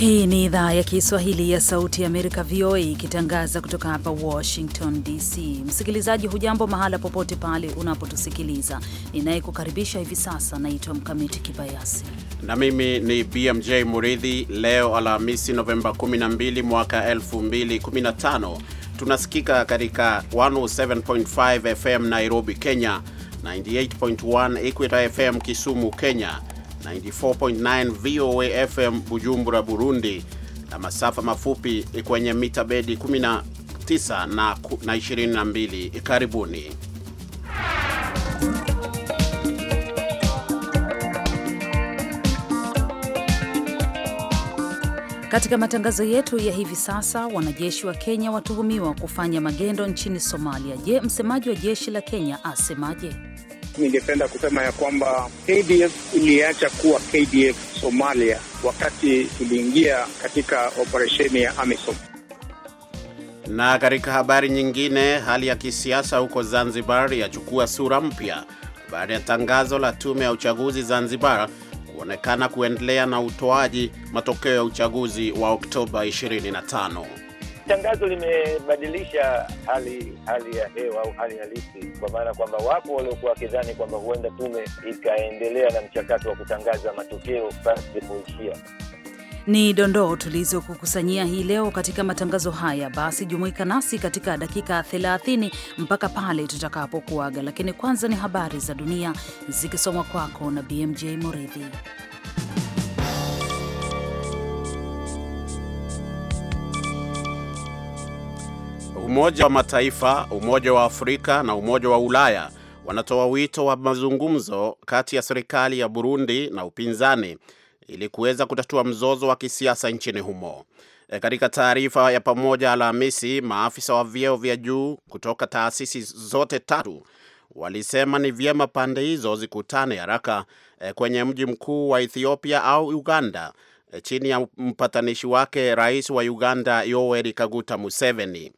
Hii ni idhaa ya Kiswahili ya Sauti ya Amerika, VOA, ikitangaza kutoka hapa Washington DC. Msikilizaji hujambo, mahala popote pale unapotusikiliza. Ninayekukaribisha hivi sasa naitwa Mkamiti Kibayasi na mimi ni BMJ Muridhi. Leo Alhamisi, Novemba 12 mwaka 2015, tunasikika katika 107.5 FM Nairobi, Kenya, 98.1 Equita FM Kisumu, Kenya, 94.9 VOA FM Bujumbura, Burundi, na masafa mafupi kwenye mita bedi 19 na 22. Karibuni. Katika matangazo yetu ya hivi sasa, wanajeshi wa Kenya watuhumiwa kufanya magendo nchini Somalia. Je, msemaji wa jeshi la Kenya asemaje? ningependa kusema ya kwamba KDF iliacha kuwa KDF Somalia wakati tuliingia katika operesheni ya AMISOM. Na katika habari nyingine, hali ya kisiasa huko Zanzibar yachukua sura mpya baada ya tangazo la tume ya uchaguzi Zanzibar kuonekana kuendelea na utoaji matokeo ya uchaguzi wa Oktoba 25 tangazo limebadilisha hali hali ya hewa au hali halisi, kwa maana kwamba wapo waliokuwa wakidhani kwamba huenda tume ikaendelea na mchakato wa kutangaza matokeo basi kuishia ni dondoo tulizokukusanyia hii leo katika matangazo haya. Basi jumuika nasi katika dakika 30 mpaka pale tutakapokuaga, lakini kwanza ni habari za dunia zikisomwa kwako na BMJ Moridhi. Umoja wa Mataifa, Umoja wa Afrika na Umoja wa Ulaya wanatoa wito wa mazungumzo kati ya serikali ya Burundi na upinzani ili kuweza kutatua mzozo wa kisiasa nchini humo. E, katika taarifa ya pamoja Alhamisi, maafisa wa vyeo vya juu kutoka taasisi zote tatu walisema ni vyema pande hizo zikutane haraka e, kwenye mji mkuu wa Ethiopia au Uganda e, chini ya mpatanishi wake Rais wa Uganda Yoweri Kaguta Museveni.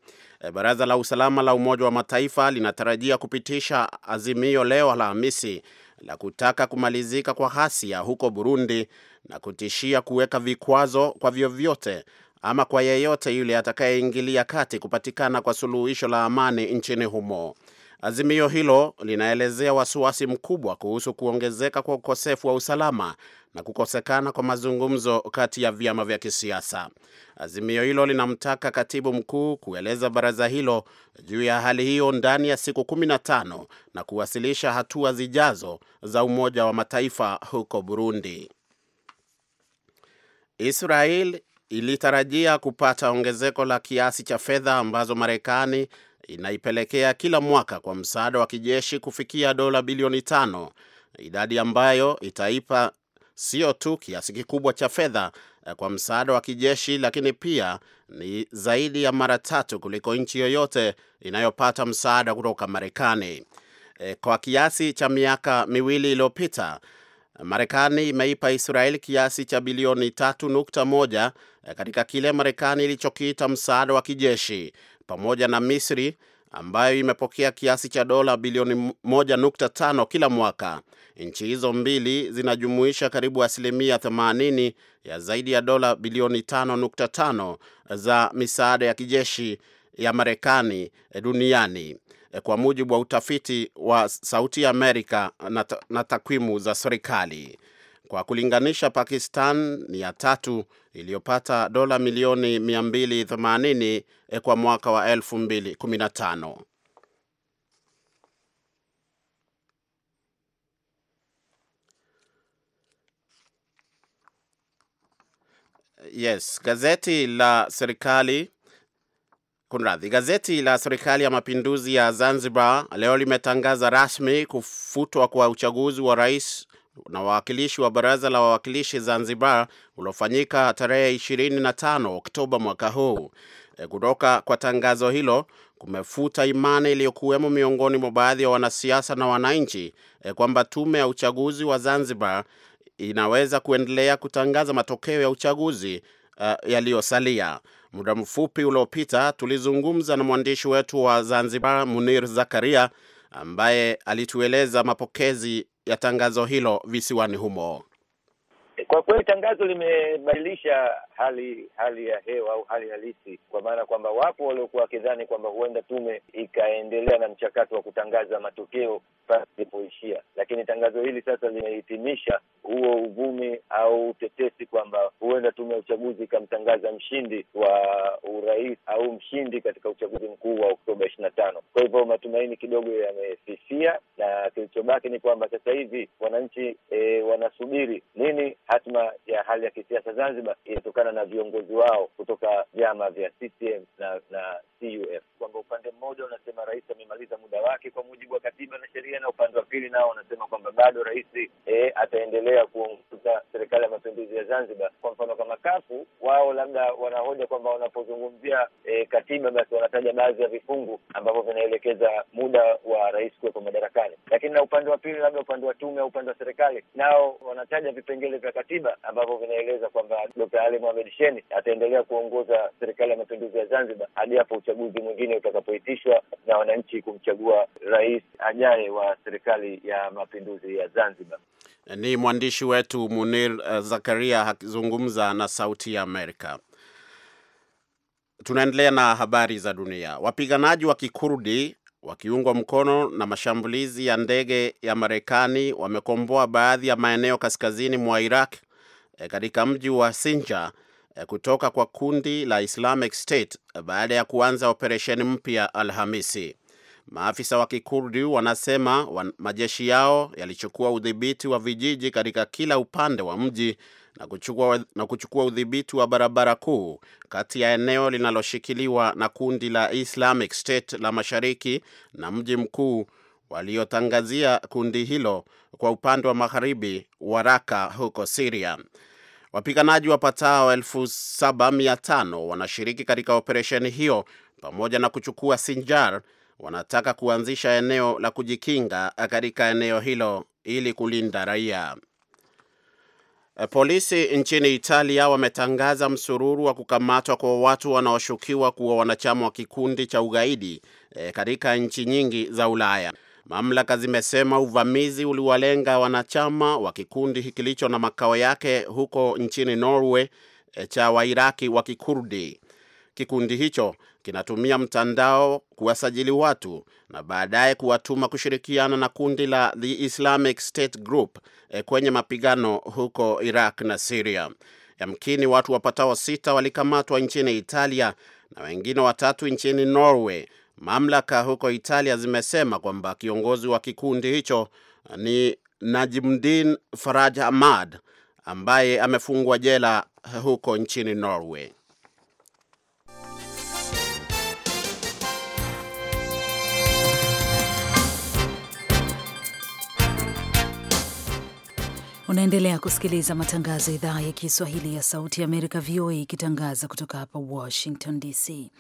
Eh, Baraza la Usalama la Umoja wa Mataifa linatarajia kupitisha azimio leo Alhamisi la kutaka kumalizika kwa ghasia huko Burundi na kutishia kuweka vikwazo kwa vyovyote ama kwa yeyote yule atakayeingilia kati kupatikana kwa suluhisho la amani nchini humo. Azimio hilo linaelezea wasiwasi mkubwa kuhusu kuongezeka kwa ukosefu wa usalama na kukosekana kwa mazungumzo kati ya vyama vya kisiasa. Azimio hilo linamtaka katibu mkuu kueleza baraza hilo juu ya hali hiyo ndani ya siku 15 na kuwasilisha hatua zijazo za Umoja wa Mataifa huko Burundi. Israel ilitarajia kupata ongezeko la kiasi cha fedha ambazo Marekani inaipelekea kila mwaka kwa msaada wa kijeshi kufikia dola bilioni tano, idadi ambayo itaipa sio tu kiasi kikubwa cha fedha eh, kwa msaada wa kijeshi lakini pia ni zaidi ya mara tatu kuliko nchi yoyote inayopata msaada kutoka Marekani. Eh, kwa kiasi cha miaka miwili iliyopita Marekani imeipa Israeli kiasi cha bilioni 3.1 eh, katika kile Marekani ilichokiita msaada wa kijeshi pamoja na Misri ambayo imepokea kiasi cha dola bilioni 1.5 kila mwaka. Nchi hizo mbili zinajumuisha karibu asilimia 80 ya zaidi ya dola bilioni 5.5 za misaada ya kijeshi ya Marekani duniani kwa mujibu wa utafiti wa Sauti ya Amerika na takwimu za serikali. Kwa kulinganisha, Pakistan ni ya tatu iliyopata dola milioni 280 eh, kwa mwaka wa 2015. Yes, gazeti la serikali Kunradhi, gazeti la serikali ya mapinduzi ya Zanzibar leo limetangaza rasmi kufutwa kwa uchaguzi wa rais na wawakilishi wa baraza la wawakilishi Zanzibar uliofanyika tarehe 25 Oktoba mwaka huu. E, kutoka kwa tangazo hilo kumefuta imani iliyokuwemo miongoni mwa baadhi ya wanasiasa na wananchi e, kwamba tume ya uchaguzi wa Zanzibar inaweza kuendelea kutangaza matokeo ya uchaguzi uh, yaliyosalia. Muda mfupi uliopita tulizungumza na mwandishi wetu wa Zanzibar Munir Zakaria ambaye alitueleza mapokezi ya tangazo hilo visiwani humo. Kwa kweli tangazo limebadilisha hali hali ya hewa au hali halisi, kwa maana kwamba wapo waliokuwa wakidhani kwamba huenda tume ikaendelea na mchakato wa kutangaza matokeo pale ilipoishia, lakini tangazo hili sasa limehitimisha huo uvumi au utetesi kwamba huenda tume ya uchaguzi ikamtangaza mshindi wa urais au mshindi katika uchaguzi mkuu wa Oktoba ishirini na tano. Kwa hivyo matumaini kidogo yamefifia, na kilichobaki ni kwamba sasa hivi wananchi e, wanasubiri nini hatima ya hali ya kisiasa Zanzibar ilitokana na viongozi wao kutoka vyama vya CCM na, na CUF, kwamba upande mmoja unasema rais amemaliza muda wake kwa mujibu wa katiba na sheria, na upande wa pili nao wanasema kwamba bado rais eh, ataendelea kuongoza katika serikali ya mapinduzi ya Zanzibar. Kwa mfano kama kafu wao labda wanahoja kwamba wanapozungumzia e, katiba basi wanataja baadhi ya vifungu ambavyo vinaelekeza muda wa rais kuwepo madarakani, lakini na upande wa pili, labda upande wa tume au upande wa serikali, nao wanataja vipengele vya katiba ambavyo vinaeleza kwamba Dkt. Ali Mohamed Shein ataendelea kuongoza serikali ya mapinduzi ya Zanzibar hadi hapo uchaguzi mwingine utakapoitishwa na wananchi kumchagua rais ajaye wa serikali ya mapinduzi ya Zanzibar. Ni mwandishi wetu Munir eh, Zakaria akizungumza na Sauti ya Amerika. Tunaendelea na habari za dunia. Wapiganaji wa Kikurdi wakiungwa mkono na mashambulizi ya ndege ya Marekani wamekomboa baadhi ya maeneo kaskazini mwa Iraq e, katika mji wa Sinja e, eh, kutoka kwa kundi la Islamic State baada ya kuanza operesheni mpya Alhamisi. Maafisa wa Kikurdi wanasema wan, majeshi yao yalichukua udhibiti wa vijiji katika kila upande wa mji na kuchukua, na kuchukua udhibiti wa barabara kuu kati ya eneo linaloshikiliwa na kundi la Islamic State la Mashariki na mji mkuu waliotangazia kundi hilo kwa upande wa magharibi wa Raka huko siria Wapiganaji wapatao 7500 wanashiriki katika operesheni hiyo pamoja na kuchukua Sinjar wanataka kuanzisha eneo la kujikinga katika eneo hilo ili kulinda raia. E, polisi nchini Italia wametangaza msururu wa kukamatwa kwa watu wanaoshukiwa kuwa wanachama wa kikundi cha ugaidi e, katika nchi nyingi za Ulaya. Mamlaka zimesema uvamizi uliwalenga wanachama wa kikundi kilicho na makao yake huko nchini Norway e, cha Wairaki wa Kikurdi. Kikundi hicho kinatumia mtandao kuwasajili watu na baadaye kuwatuma kushirikiana na kundi la The Islamic State Group eh, kwenye mapigano huko Iraq na siria Yamkini watu wapatao sita walikamatwa nchini Italia na wengine watatu nchini Norway. Mamlaka huko Italia zimesema kwamba kiongozi wa kikundi hicho eh, ni Najimdin Faraj Ahmad ambaye amefungwa jela eh, huko nchini Norway. Unaendelea kusikiliza matangazo ya idhaa ya Kiswahili ya Sauti ya Amerika, VOA, ikitangaza kutoka hapa Washington DC.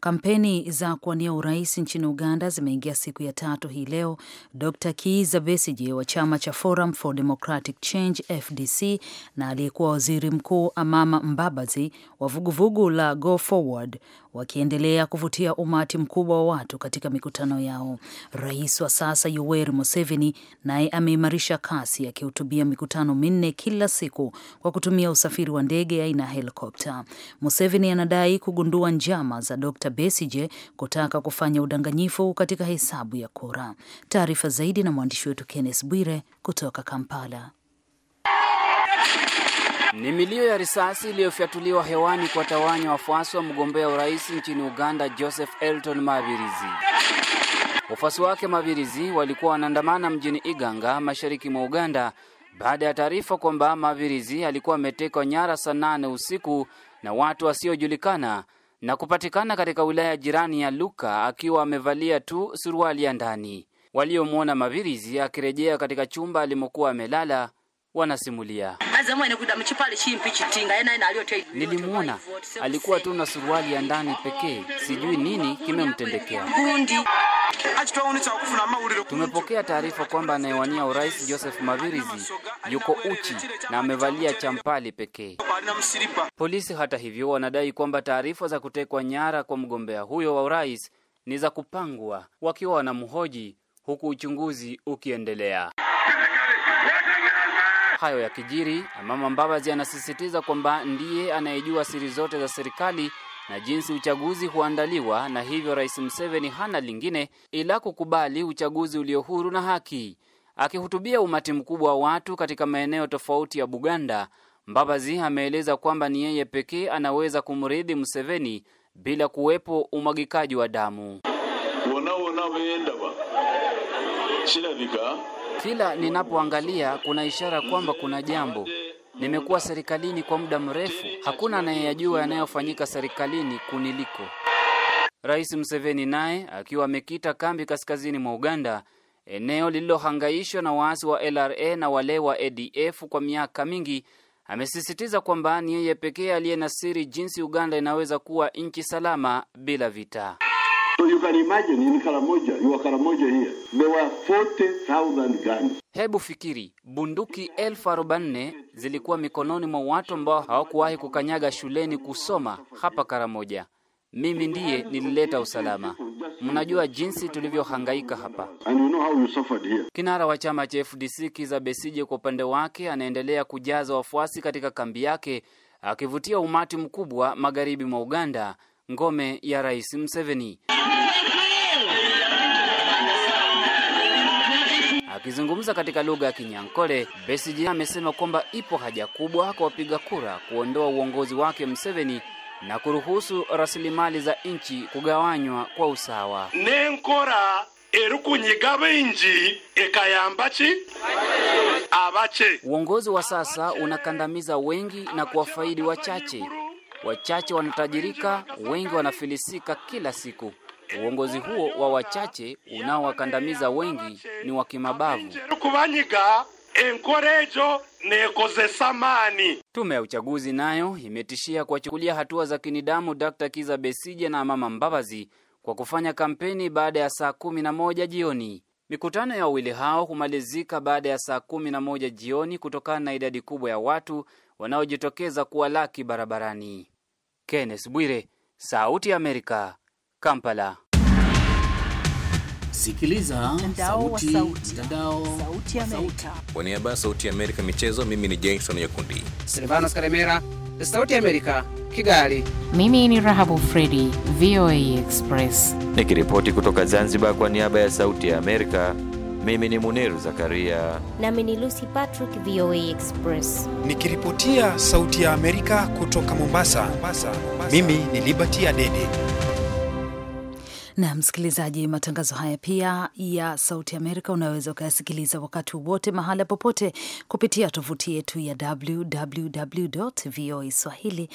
Kampeni za kuwania urais nchini Uganda zimeingia siku ya tatu hii leo. Dr Kiiza Besige wa chama cha Forum for Democratic Change, FDC, na aliyekuwa waziri mkuu Amama Mbabazi wa vuguvugu la Go Forward wakiendelea kuvutia umati mkubwa wa watu katika mikutano yao. Rais wa sasa Yoweri Museveni naye ameimarisha kasi akihutubia mikutano minne kila siku kwa kutumia usafiri wa ndege aina ya helikopta. Museveni anadai kugundua njama za Dr. Besigye kutaka kufanya udanganyifu katika hesabu ya kura. Taarifa zaidi na mwandishi wetu Kenneth Bwire kutoka Kampala. Ni milio ya risasi iliyofyatuliwa hewani kwa tawanya wafuasi wa mgombea urais nchini Uganda Joseph Elton Mabirizi. Wafuasi wake Mabirizi walikuwa wanaandamana mjini Iganga, mashariki mwa Uganda, baada ya taarifa kwamba Mabirizi alikuwa ametekwa nyara saa nane usiku na watu wasiojulikana na kupatikana katika wilaya jirani ya Luka akiwa amevalia tu suruali ya ndani. Waliomwona Mabirizi akirejea katika chumba alimokuwa amelala wanasimulia. Nilimuona alikuwa tu na suruali ya ndani pekee, sijui nini kimemtendekea. Tumepokea taarifa kwamba anayewania urais Joseph Mavirizi yuko uchi na amevalia champali pekee. Polisi hata hivyo wanadai kwamba taarifa za kutekwa nyara kwa mgombea huyo wa urais ni za kupangwa, wakiwa wanamhoji huku uchunguzi ukiendelea hayo kijiri Amama Mbabazi anasisitiza kwamba ndiye anayejua siri zote za serikali na jinsi uchaguzi huandaliwa, na hivyo Rais Museveni hana lingine ila kukubali uchaguzi ulio huru na haki. Akihutubia umati mkubwa wa watu katika maeneo tofauti ya Buganda, Mbabazi ameeleza kwamba ni yeye pekee anaweza kumridhi Museveni bila kuwepo umwagikaji wa damu. Kila ninapoangalia kuna ishara kwamba kuna jambo. Nimekuwa serikalini kwa muda mrefu, hakuna anayeyajua yanayofanyika serikalini kuniliko. Rais Museveni naye akiwa amekita kambi kaskazini mwa Uganda, eneo lililohangaishwa na waasi wa LRA na wale wa ADF kwa miaka mingi, amesisitiza kwamba ni yeye pekee aliye na siri jinsi Uganda inaweza kuwa nchi salama bila vita. So you can imagine in Karamoja, you are Karamoja here. There were 40,000 guns. Hebu fikiri, bunduki elfu arobaini zilikuwa mikononi mwa watu ambao hawakuwahi kukanyaga shuleni kusoma hapa Karamoja. Mimi ndiye nilileta usalama. Mnajua jinsi tulivyohangaika hapa. Kinara wa chama cha FDC Kiza Besije kwa upande wake anaendelea kujaza wafuasi katika kambi yake akivutia umati mkubwa magharibi mwa Uganda ngome ya Rais mseveni Akizungumza katika lugha ya Kinyankole, Besigye amesema kwamba ipo haja kubwa kwa wapiga kura kuondoa uongozi wake mseveni na kuruhusu rasilimali za nchi kugawanywa kwa usawa. nenkora erukunyiga bingi ekayambachi abache. Uongozi wa sasa unakandamiza wengi na kuwafaidi wachache Wachache wanatajirika, wengi wanafilisika kila siku. Uongozi huo wa wachache unaowakandamiza wengi ni wa kimabavu. Tume ya uchaguzi nayo imetishia kuwachukulia hatua za kinidamu Dr. Kiza Besije na Mama Mbabazi kwa kufanya kampeni baada ya saa kumi na moja jioni. Mikutano ya wawili hao humalizika baada ya saa kumi na moja jioni kutokana na idadi kubwa ya watu wanaojitokeza kuwa laki barabarani. Kenneth Bwire, Sauti ya Amerika, Kampala. Sikiliza sauti, sauti, sauti Kwa niaba ya Sauti ya Amerika michezo, mimi ni Jason Nyakundi. Silvanos Karemera, Sauti ya Amerika, Kigali. Mimi ni Rahabu Fredi, VOA Express. Nikiripoti kutoka Zanzibar kwa niaba ya Sauti ya Amerika. Mimi ni Muniru Zakaria, nami ni Lucy Patrick, VOA Express nikiripotia Sauti ya Amerika kutoka Mombasa. Mombasa, Mombasa. Mimi ni Liberty Adede na msikilizaji, matangazo haya pia ya Sauti Amerika unaweza ukayasikiliza wakati wowote mahala popote kupitia tovuti yetu ya www voa swahili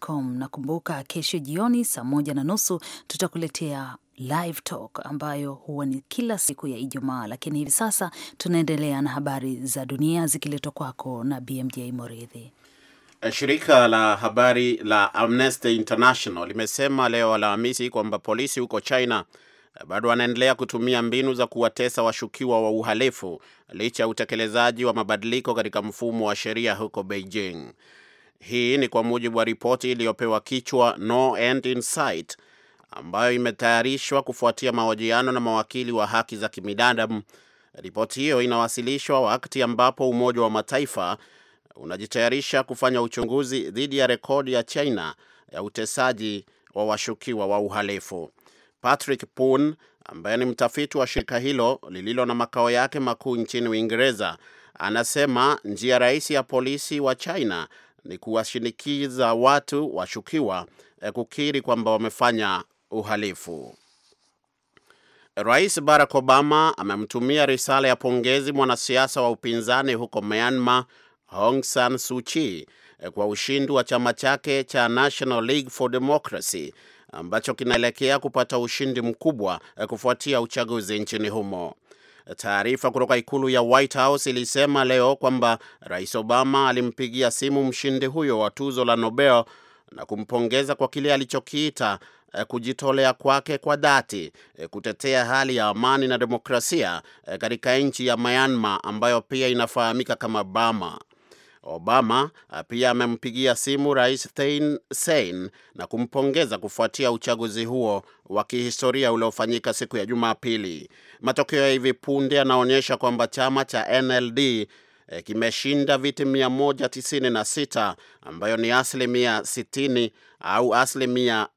com. Nakumbuka kesho jioni saa moja na nusu tutakuletea Live Talk ambayo huwa ni kila siku ya Ijumaa, lakini hivi sasa tunaendelea na habari za dunia zikiletwa kwako na BMJ Moridhi. Shirika la habari la Amnesty International limesema leo Alhamisi kwamba polisi huko China bado wanaendelea kutumia mbinu za kuwatesa washukiwa wa uhalifu licha ya utekelezaji wa mabadiliko katika mfumo wa sheria huko Beijing. Hii ni kwa mujibu wa ripoti iliyopewa kichwa No End in Sight ambayo imetayarishwa kufuatia mahojiano na mawakili wa haki za kibinadamu. Ripoti hiyo inawasilishwa wakati ambapo Umoja wa Mataifa unajitayarisha kufanya uchunguzi dhidi ya rekodi ya China ya utesaji wa washukiwa wa uhalifu. Patrick Poon ambaye ni mtafiti wa shirika hilo lililo na makao yake makuu nchini Uingereza anasema njia rahisi ya polisi wa China ni kuwashinikiza watu washukiwa eh, kukiri kwamba wamefanya uhalifu. Rais Barack Obama amemtumia risala ya pongezi mwanasiasa wa upinzani huko Myanmar, Aung San Suu Kyi, kwa ushindi wa chama chake cha National League for Democracy ambacho kinaelekea kupata ushindi mkubwa kufuatia uchaguzi nchini humo. Taarifa kutoka ikulu ya White House ilisema leo kwamba Rais Obama alimpigia simu mshindi huyo wa tuzo la Nobel na kumpongeza kwa kile alichokiita Eh, kujitolea kwake kwa dhati eh, kutetea hali ya amani na demokrasia eh, katika nchi ya Myanmar ambayo pia inafahamika kama Burma. Obama pia amempigia simu Rais Thein Sein na kumpongeza kufuatia uchaguzi huo wa kihistoria uliofanyika siku ya Jumapili. Matokeo ya hivi punde yanaonyesha kwamba chama cha NLD e, kimeshinda viti 196 ambayo ni asilimia 60 au asilimia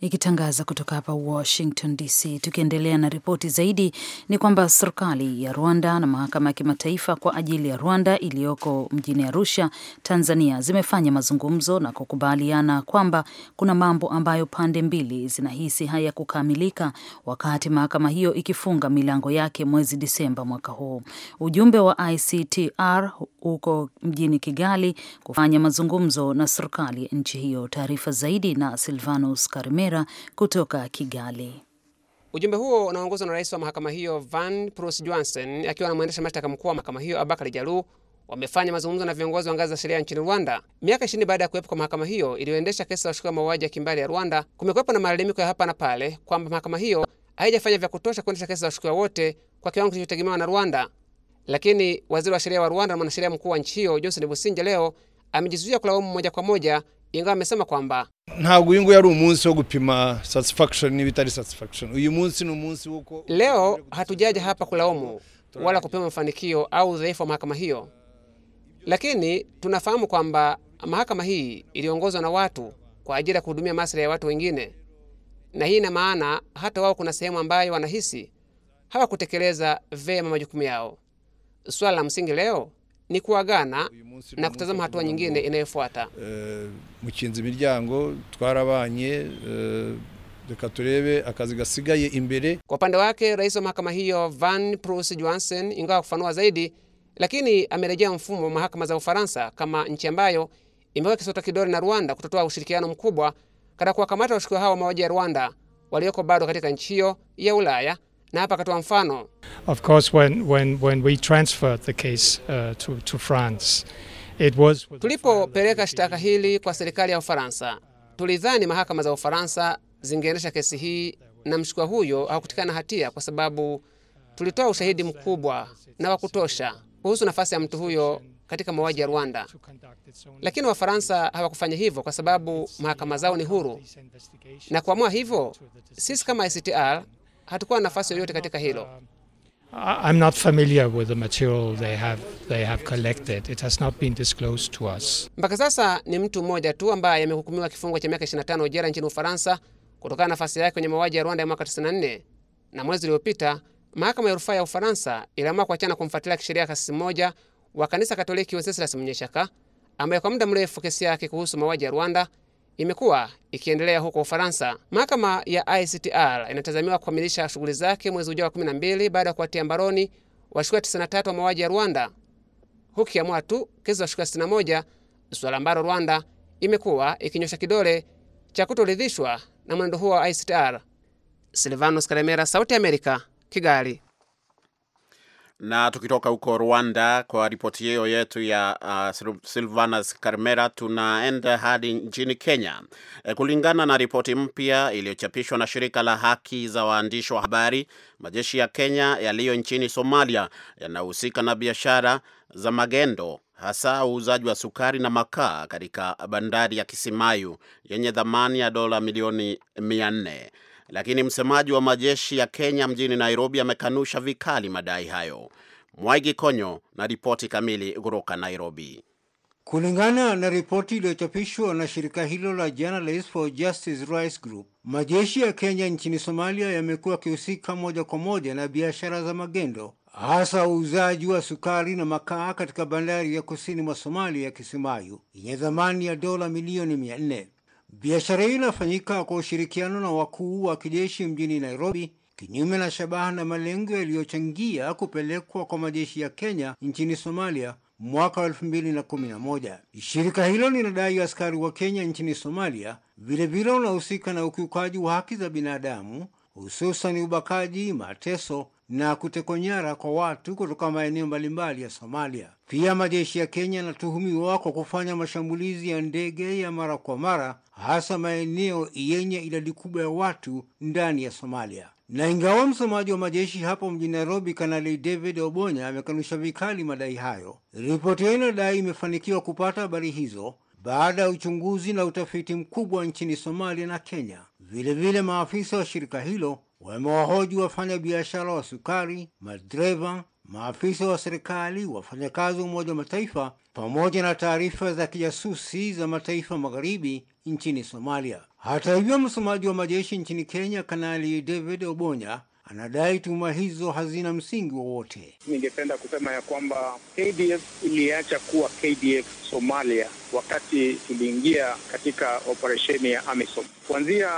ikitangaza kutoka hapa Washington DC. Tukiendelea na ripoti zaidi, ni kwamba serikali ya Rwanda na mahakama ya kimataifa kwa ajili ya Rwanda iliyoko mjini Arusha, Tanzania, zimefanya mazungumzo na kukubaliana kwamba kuna mambo ambayo pande mbili zinahisi hayakukamilika wakati mahakama hiyo ikifunga milango yake mwezi Disemba mwaka huu. Ujumbe wa ICTR huko mjini Kigali kufanya mazungumzo na serikali ya nchi hiyo. Taarifa zaidi na Silvanus Karimera kutoka Kigali. Ujumbe huo unaongozwa na rais wa mahakama hiyo Van Prus Johnson akiwa na mwendesha mashtaka mkuu wa mahakama hiyo Abakari Jalu wamefanya mazungumzo na viongozi wa ngazi za sheria nchini Rwanda. Miaka ishirini baada ya kuwepo kwa mahakama hiyo iliyoendesha kesi za washukiwa mauaji ya kimbali ya Rwanda, kumekwepo na malalamiko ya hapa na pale kwamba mahakama hiyo haijafanya vya kutosha kuendesha kesi za washukiwa wote kwa kiwango kilichotegemewa na Rwanda. Lakini waziri wa sheria wa Rwanda na mwanasheria mkuu wa nchi hiyo Johnson businja leo amejizuia kulaumu moja kwa moja, ingawa amesema kwamba ntabwo uyu nguyu ari umunsi wo gupima satisfaction n'ibitari satisfaction uyu munsi ni umunsi w'uko leo hatujaja hapa kulaumu wala kupima mafanikio au udhaifu wa mahakama hiyo, lakini tunafahamu kwamba mahakama hii iliongozwa na watu kwa ajili ya kuhudumia maslahi ya watu wengine, na hii ina maana hata wao kuna sehemu ambayo wanahisi hawakutekeleza vema majukumu yao. Swala la msingi leo ni kuagana na kutazama hatua nyingine inayofuata. Eh, mukinzi miryango twarabanye eh, reka turebe akazi gasigaye imbere. Kwa upande wake, rais wa mahakama hiyo Van Prus Johansen, ingawa kufanua zaidi, lakini amerejea mfumo wa mahakama za Ufaransa kama nchi ambayo imewekwa kisota kidole na Rwanda kutotoa ushirikiano mkubwa katika kuwakamata washukiwa hao wa mauaji ya Rwanda walioko bado katika nchi hiyo ya Ulaya na hapa akatoa mfano. Of course when, when, when we transferred the case uh, to, to France it was tulipopeleka shtaka hili kwa serikali ya Ufaransa tulidhani mahakama za Ufaransa zingeendesha kesi hii na mshukwa huyo hakutikana hatia kwa sababu tulitoa ushahidi mkubwa na wa kutosha kuhusu nafasi ya mtu huyo katika mauaji ya Rwanda, lakini Wafaransa hawakufanya hivyo kwa sababu mahakama zao ni huru na kuamua hivyo. Sisi kama ICTR hatukuwa na nafasi yoyote katika hilo. Uh, I'm not familiar with the material they have, they have collected. It has not been disclosed to us. Mpaka sasa ni mtu mmoja tu ambaye amehukumiwa kifungo cha miaka 25 jela nchini Ufaransa kutokana na nafasi yake kwenye mauaji ya Rwanda ya mwaka 94. Na mwezi uliopita mahakama ya rufaa ya Ufaransa iliamua kuachana kumfuatilia kisheria kasisi mmoja wa kanisa Katoliki Wenceslas Munyeshaka ambaye kwa muda mrefu kesi yake kuhusu mauaji ya Rwanda imekuwa ikiendelea huko Ufaransa. Mahakama ya ICTR inatazamiwa kukamilisha shughuli zake mwezi ujao wa 12 baada ya kuwatia mbaroni washukiwa 93 wa mauaji ya Rwanda, huku ikiamua tu kesi washukiwa 61, suala ambalo Rwanda imekuwa ikinyosha kidole cha kutoridhishwa na mwenendo huo wa ICTR. Silvanos Karemera, Sauti ya Amerika, Kigali. Na tukitoka huko Rwanda kwa ripoti hiyo yetu ya uh, Silvanas Karmera, tunaenda hadi nchini Kenya. E, kulingana na ripoti mpya iliyochapishwa na shirika la haki za waandishi wa habari, majeshi ya Kenya yaliyo nchini Somalia yanahusika na biashara za magendo hasa uuzaji wa sukari na makaa katika bandari ya Kisimayu yenye thamani ya dola milioni mia nne lakini msemaji wa majeshi ya Kenya mjini Nairobi amekanusha vikali madai hayo. Mwaigi Konyo na ripoti kamili kutoka Nairobi. Kulingana na ripoti iliyochapishwa na shirika hilo la Journalists for Justice Rights Group, majeshi ya Kenya nchini Somalia yamekuwa yakihusika moja kwa moja na biashara za magendo, hasa uuzaji wa sukari na makaa katika bandari ya kusini mwa Somalia ya Kisimayu yenye thamani ya dola milioni mia nne. Biashara hiyo inafanyika kwa ushirikiano na wakuu wa kijeshi mjini Nairobi, kinyume na shabaha na malengo yaliyochangia kupelekwa kwa majeshi ya Kenya nchini Somalia mwaka wa moja. Shirika hilo linadai askari wa Kenya nchini Somalia vilevile unahusika na ukiukaji wa haki za binadamu, hususan ubakaji, mateso na kutekwa nyara kwa watu kutoka maeneo mbalimbali ya Somalia. Pia majeshi ya Kenya yanatuhumiwa kwa kufanya mashambulizi ya ndege ya mara kwa mara, hasa maeneo yenye idadi kubwa ya watu ndani ya Somalia. Na ingawa msemaji wa majeshi hapo mjini Nairobi, Kanali David Obonya amekanusha vikali madai hayo, ripoti hiyo inadai imefanikiwa kupata habari hizo baada ya uchunguzi na utafiti mkubwa nchini Somalia na Kenya. Vilevile vile maafisa wa shirika hilo wamewahoji wafanya biashara wa sukari, madereva, maafisa wa serikali, wafanyakazi wa Umoja wa Mataifa pamoja na taarifa za kijasusi za mataifa magharibi nchini Somalia. Hata hivyo, msemaji wa majeshi nchini Kenya, Kanali David Obonya anadai tuhuma hizo hazina msingi wowote. Ningependa kusema ya kwamba KDF iliacha kuwa KDF Somalia wakati tuliingia katika operesheni ya AMISOM. Kuanzia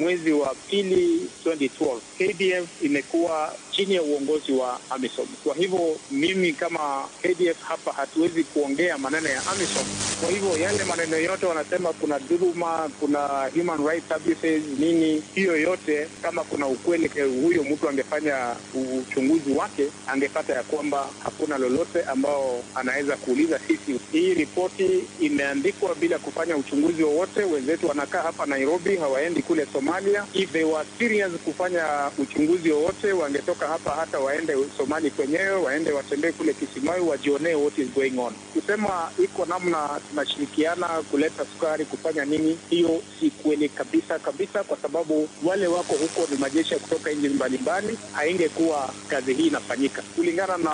mwezi wa pili 2012 KDF imekuwa chini ya uongozi wa AMISOM. Kwa hivyo mimi kama KDF hapa hatuwezi kuongea maneno ya AMISOM. Kwa hivyo yale maneno yote wanasema kuna dhuluma, kuna human rights abuses, nini hiyo yote, kama kuna ukweli, eh, huyo mtu angefanya uchunguzi wake, angepata ya kwamba hakuna lolote ambao anaweza kuuliza sisi. Hii ripoti imeandikwa bila kufanya uchunguzi wowote. Wenzetu wanakaa hapa Nairobi hivi hawaendi kule Somalia. If they were serious kufanya uchunguzi wowote, wangetoka hapa, hata waende Somali kwenyewe, waende watembee kule Kisimayo, wajionee what is going on. Kusema iko namna tunashirikiana kuleta sukari, kufanya nini, hiyo si kweli kabisa kabisa, kwa sababu wale wako huko ni majeshi ya kutoka nchi mbalimbali. Haingekuwa kazi hii inafanyika. Kulingana na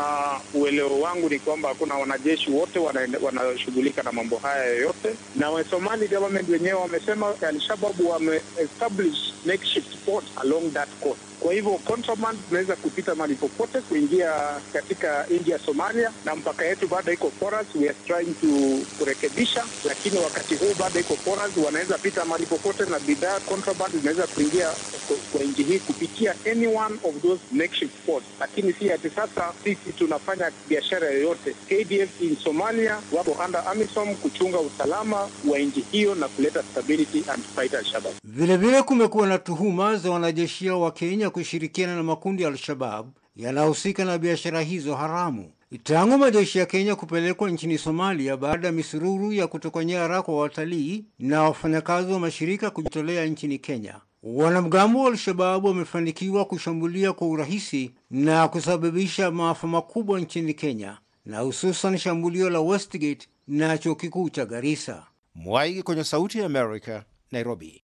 uelewo wangu, ni kwamba hakuna wanajeshi wote wanashughulika wana na mambo haya yoyote, na Somali government wenyewe wamesema Alshababu wame-establish makeshift port along that coast. Kwa hivyo contraband tunaweza kupita mahali popote kuingia katika nchi ya Somalia, na mpaka yetu bado iko porous, we are trying to kurekebisha, lakini wakati huu bado iko porous, wanaweza pita mahali popote na bidhaa contraband zinaweza kuingia kwa nchi hii kupitia any one of those makeshift ports, lakini si ati sasa sisi tunafanya biashara yoyote. KDF in Somalia wako under AMISOM kuchunga usalama wa nchi hiyo na kuleta stability and fight al-Shabaab. Vilevile kumekuwa na tuhuma za wanajeshi wa Kenya kushirikiana na makundi ya Al-Shabab yanahusika na biashara hizo haramu. Tangu majeshi ya Kenya kupelekwa nchini Somalia baada ya misururu ya kutoka nyara kwa watalii na wafanyakazi wa mashirika kujitolea nchini Kenya, wanamgambo wa Al-Shababu wamefanikiwa kushambulia kwa urahisi na kusababisha maafa makubwa nchini Kenya, na hususan shambulio la Westgate na chuo kikuu cha Garissa. Mwaigi kwenye Sauti ya America, Nairobi.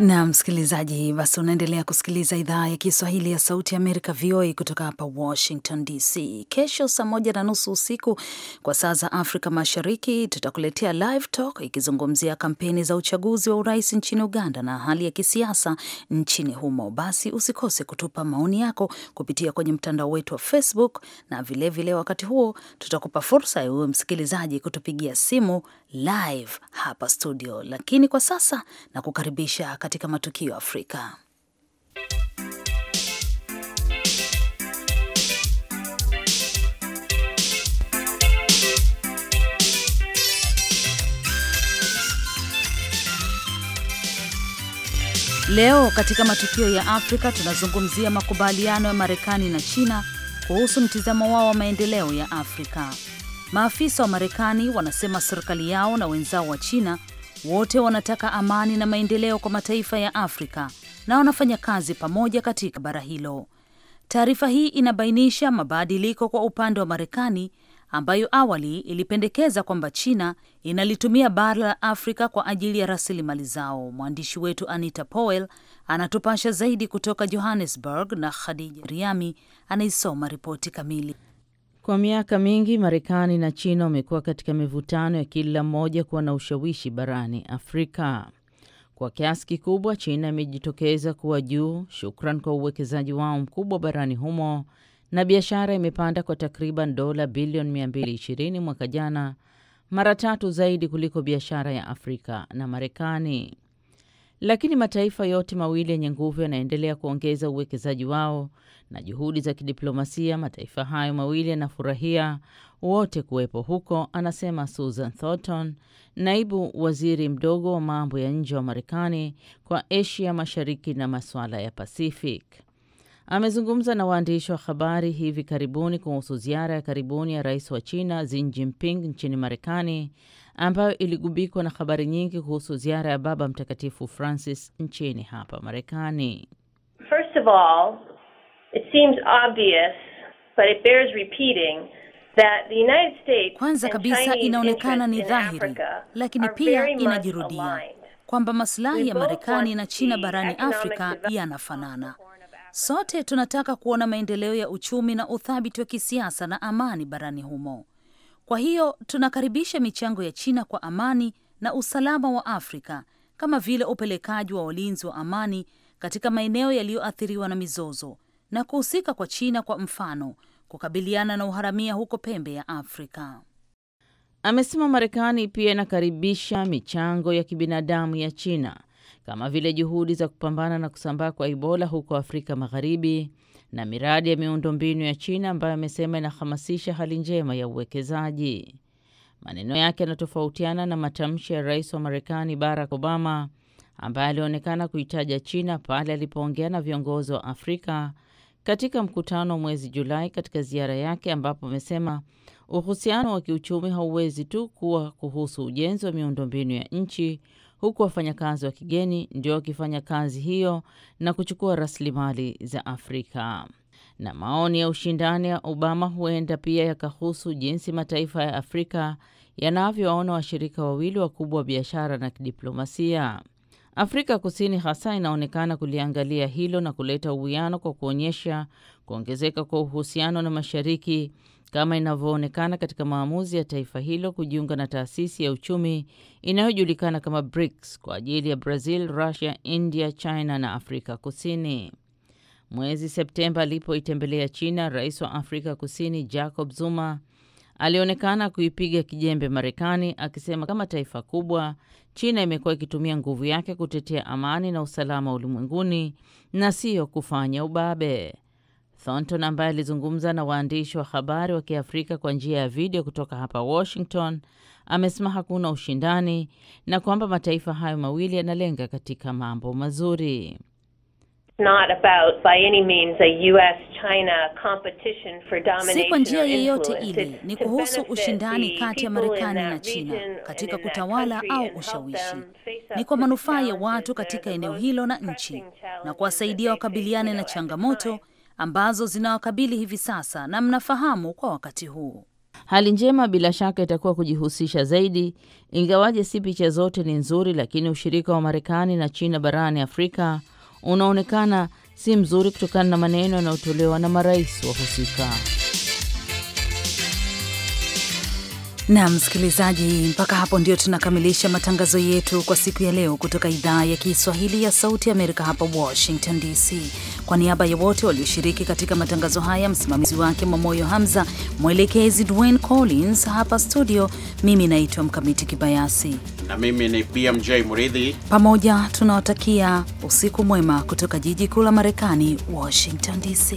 na msikilizaji, basi unaendelea kusikiliza idhaa ya Kiswahili ya Sauti ya Amerika, VOA, kutoka hapa Washington DC. Kesho saa moja na nusu usiku kwa saa za Afrika Mashariki tutakuletea Live Talk ikizungumzia kampeni za uchaguzi wa urais nchini Uganda na hali ya kisiasa nchini humo. Basi usikose kutupa maoni yako kupitia kwenye mtandao wetu wa Facebook na vilevile vile, wakati huo tutakupa fursa ya uwe msikilizaji kutupigia simu live hapa studio, lakini kwa sasa na kukaribisha katika matukio Afrika. Leo katika matukio ya Afrika tunazungumzia makubaliano ya Marekani na China kuhusu mtizamo wao wa maendeleo ya Afrika. Maafisa wa Marekani wanasema serikali yao na wenzao wa China wote wanataka amani na maendeleo kwa mataifa ya Afrika na wanafanya kazi pamoja katika bara hilo. Taarifa hii inabainisha mabadiliko kwa upande wa Marekani ambayo awali ilipendekeza kwamba China inalitumia bara la Afrika kwa ajili ya rasilimali zao. Mwandishi wetu Anita Powell anatupasha zaidi kutoka Johannesburg na Khadija Riami anaisoma ripoti kamili. Kwa miaka mingi Marekani na China wamekuwa katika mivutano ya kila mmoja kuwa na ushawishi barani Afrika. Kwa kiasi kikubwa China imejitokeza kuwa juu, shukran kwa uwekezaji wao mkubwa barani humo, na biashara imepanda kwa takriban dola bilioni 220 mwaka jana, mara tatu zaidi kuliko biashara ya Afrika na Marekani lakini mataifa yote mawili yenye nguvu yanaendelea kuongeza uwekezaji wao na juhudi za kidiplomasia. Mataifa hayo mawili yanafurahia wote kuwepo huko, anasema Susan Thornton, naibu waziri mdogo wa mambo ya nje wa Marekani kwa Asia Mashariki na masuala ya Pacific. Amezungumza na waandishi wa habari hivi karibuni kuhusu ziara ya karibuni ya rais wa China Xi Jinping nchini Marekani ambayo iligubikwa na habari nyingi kuhusu ziara ya Baba Mtakatifu Francis nchini hapa Marekani. First of all, it seems obvious, but it bears repeating. Kwanza kabisa inaonekana ni dhahiri, lakini pia inajirudia kwamba masilahi ya Marekani na China barani Afrika yanafanana. Sote tunataka kuona maendeleo ya uchumi na uthabiti wa kisiasa na amani barani humo. Kwa hiyo tunakaribisha michango ya China kwa amani na usalama wa Afrika kama vile upelekaji wa walinzi wa amani katika maeneo yaliyoathiriwa na mizozo na kuhusika kwa China kwa mfano kukabiliana na uharamia huko pembe ya Afrika. Amesema Marekani pia inakaribisha michango ya kibinadamu ya China kama vile juhudi za kupambana na kusambaa kwa Ebola huko Afrika Magharibi na miradi ya miundombinu ya China ambayo amesema inahamasisha hali njema ya uwekezaji. Maneno yake yanatofautiana na matamshi ya rais wa Marekani Barack Obama ambaye alionekana kuitaja China pale alipoongea na viongozi wa Afrika katika mkutano wa mwezi Julai katika ziara yake, ambapo amesema uhusiano wa kiuchumi hauwezi tu kuwa kuhusu ujenzi wa miundombinu ya nchi huku wafanyakazi wa kigeni ndio wakifanya kazi hiyo na kuchukua rasilimali za Afrika. Na maoni ya ushindani ya Obama huenda pia yakahusu jinsi mataifa ya Afrika yanavyowaona washirika wawili wakubwa wa biashara na kidiplomasia. Afrika Kusini hasa inaonekana kuliangalia hilo na kuleta uwiano kwa kuonyesha kuongezeka kwa uhusiano na Mashariki kama inavyoonekana katika maamuzi ya taifa hilo kujiunga na taasisi ya uchumi inayojulikana kama BRICS kwa ajili ya Brazil, Russia, India, China na Afrika Kusini. Mwezi Septemba alipoitembelea China, rais wa Afrika Kusini Jacob Zuma alionekana kuipiga kijembe Marekani akisema kama taifa kubwa, China imekuwa ikitumia nguvu yake kutetea amani na usalama ulimwenguni na siyo kufanya ubabe. Thornton ambaye alizungumza na waandishi wa habari wa Kiafrika kwa njia ya video kutoka hapa Washington amesema hakuna ushindani na kwamba mataifa hayo mawili yanalenga katika mambo mazuri. Si kwa njia yeyote ile, ni kuhusu ushindani kati ya Marekani na China katika kutawala au ushawishi. Ni kwa manufaa ya watu katika eneo hilo na nchi, na kuwasaidia wakabiliane na changamoto ambazo zinawakabili hivi sasa na mnafahamu kwa wakati huu. Hali njema bila shaka itakuwa kujihusisha zaidi, ingawaje si picha zote ni nzuri, lakini ushirika wa Marekani na China barani Afrika unaonekana si mzuri kutokana na maneno yanayotolewa na marais wahusika. Na msikilizaji, mpaka hapo ndio tunakamilisha matangazo yetu kwa siku ya leo kutoka idhaa ya Kiswahili ya Sauti Amerika hapa Washington DC. Kwa niaba ya wote walioshiriki katika matangazo haya, msimamizi wake Mamoyo Hamza, mwelekezi Dwayne Collins, hapa studio mimi naitwa Mkamiti Kibayasi na mimi ni BMJ Muridhi. Pamoja tunawatakia usiku mwema kutoka jiji kuu la Marekani, Washington DC.